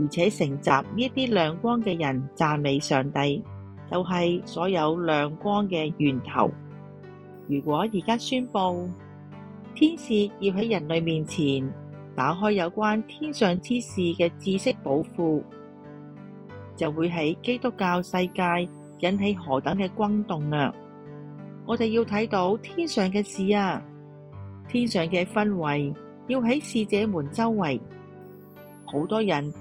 而且成集呢啲亮光嘅人讚美上帝，就係、是、所有亮光嘅源頭。如果而家宣布天使要喺人類面前打開有關天上之事嘅知識寶庫，就會喺基督教世界引起何等嘅轟動啊！我哋要睇到天上嘅事啊，天上嘅氛圍要喺使者們周圍，好多人。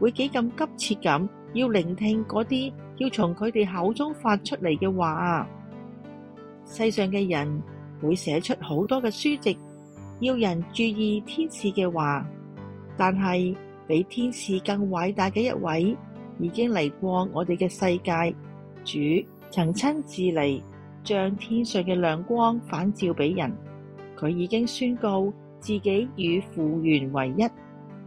會幾咁急切咁要聆聽嗰啲要從佢哋口中發出嚟嘅話啊！世上嘅人會寫出好多嘅書籍，要人注意天使嘅話，但係比天使更偉大嘅一位已經嚟過我哋嘅世界。主曾親自嚟將天上嘅亮光反照俾人，佢已經宣告自己與父原為一。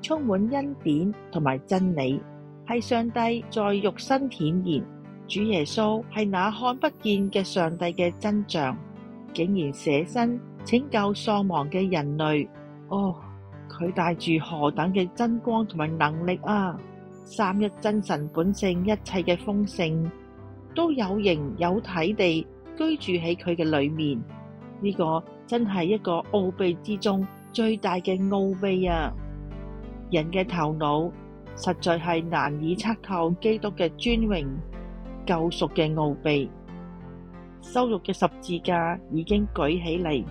充滿恩典同埋真理，係上帝在肉身顯現。主耶穌係那看不見嘅上帝嘅真像，竟然捨身拯救喪亡嘅人類。哦，佢帶住何等嘅真光同埋能力啊！三一真神本性一切嘅豐盛，都有形有體地居住喺佢嘅裏面。呢個真係一個奧秘之中最大嘅奧秘啊！人嘅頭腦實在係難以測透基督嘅尊榮，救贖嘅奧秘。羞辱嘅十字架已經舉起嚟，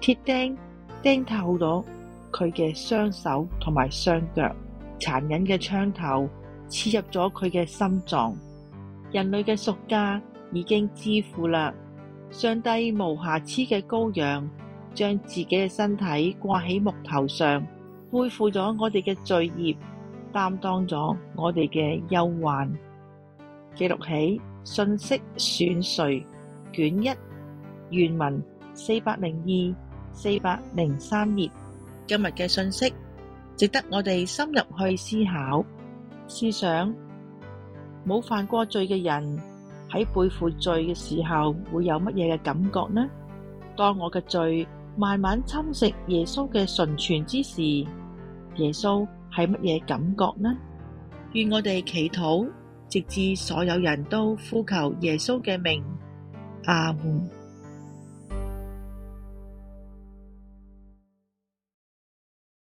鐵釘釘，釘透咗佢嘅雙手同埋雙腳，殘忍嘅槍頭刺入咗佢嘅心臟。人類嘅贖價已經支付啦。上帝無瑕疵嘅羔羊將自己嘅身體掛喺木頭上。背負咗我哋嘅罪孽，擔當咗我哋嘅憂患，記錄起信息選粹卷一原文四百零二、四百零三頁。今日嘅信息值得我哋深入去思考、思想。冇犯過罪嘅人喺背負罪嘅時候會有乜嘢嘅感覺呢？當我嘅罪。慢慢侵蝕耶穌嘅純全之時，耶穌係乜嘢感覺呢？願我哋祈禱，直至所有人都呼求耶穌嘅名。阿門。